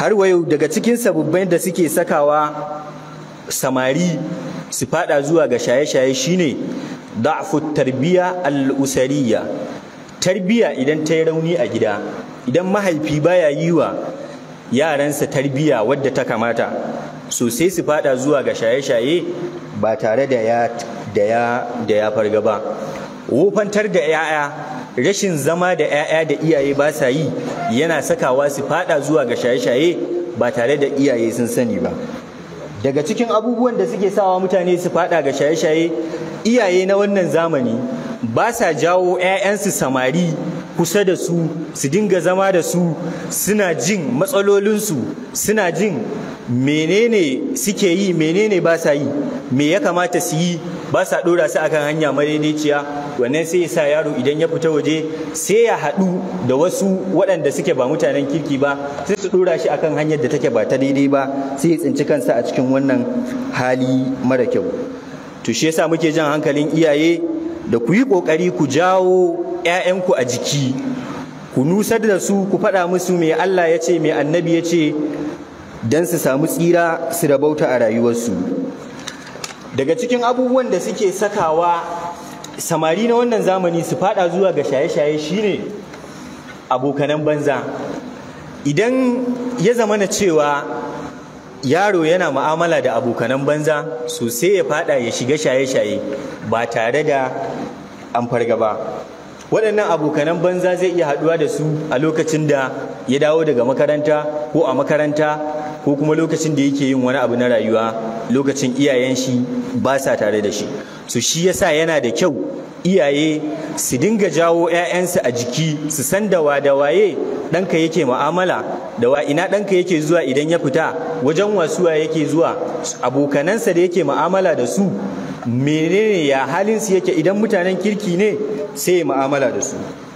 har wayo daga cikin sababbin da suke sakawa samari su fada zuwa ga shaye-shaye shine da'fu tarbiya al-usariya tarbiya idan ta yi rauni a gida idan mahaifi baya yi wa yaransa tarbiya wadda ta kamata so sai su fada zuwa ga shaye-shaye ba tare da ya da ya da ya farga ba wofantar da 'ya'ya rashin zama da 'ya'ya da iyaye ba sa yi yana sakawa su fada zuwa ga shaye-shaye ba tare da iyaye sun sani ba daga cikin abubuwan da suke sawa mutane su fada ga shaye-shaye iyaye na wannan zamani ba sa jawo 'ya'yansu samari kusa da su su dinga zama da su suna jin matsalolinsu suna jin menene suke yi menene ba sa yi me ya kamata su yi ba sa ɗora su akan hanya madaidaiciya wannan sai sa yaro idan ya fita waje sai ya haɗu da wasu waɗanda suke ba mutanen kirki ba sai su ɗora shi akan hanyar da take ba ta daidai ba sai ya tsinci kansa a cikin wannan hali mara kyau to shi yasa muke jan hankalin iyaye da ku yi ƙoƙari ku jawo 'ya'yanku a jiki ku nusar da su ku faɗa musu mai Allah ya ce mai annabi ya ce don su samu tsira su rabauta a rayuwarsu daga cikin abubuwan da suke sakawa samari na wannan zamani su fada zuwa ga shaye-shaye shine abokanan banza idan ya zama na cewa yaro yana ma'amala da abokanan banza sosai ya fada ya shiga shaye-shaye ba tare da an farga ba. waɗannan abokanan banza zai iya haɗuwa da su a lokacin da ya dawo daga makaranta ko a makaranta ko kuma lokacin da yake yin wani abu na rayuwa lokacin iyayen shi ba sa tare da shi Su shi yasa yana da kyau iyaye su dinga jawo 'ya'yansu a jiki su san da wa da waye ɗanka yake mu'amala da wa ina ɗanka yake zuwa idan ya fita wajen wasuwa yake zuwa abokanansa da yake ma'amala da su menene ya halin su yake idan mutanen kirki ne sai mu'amala da su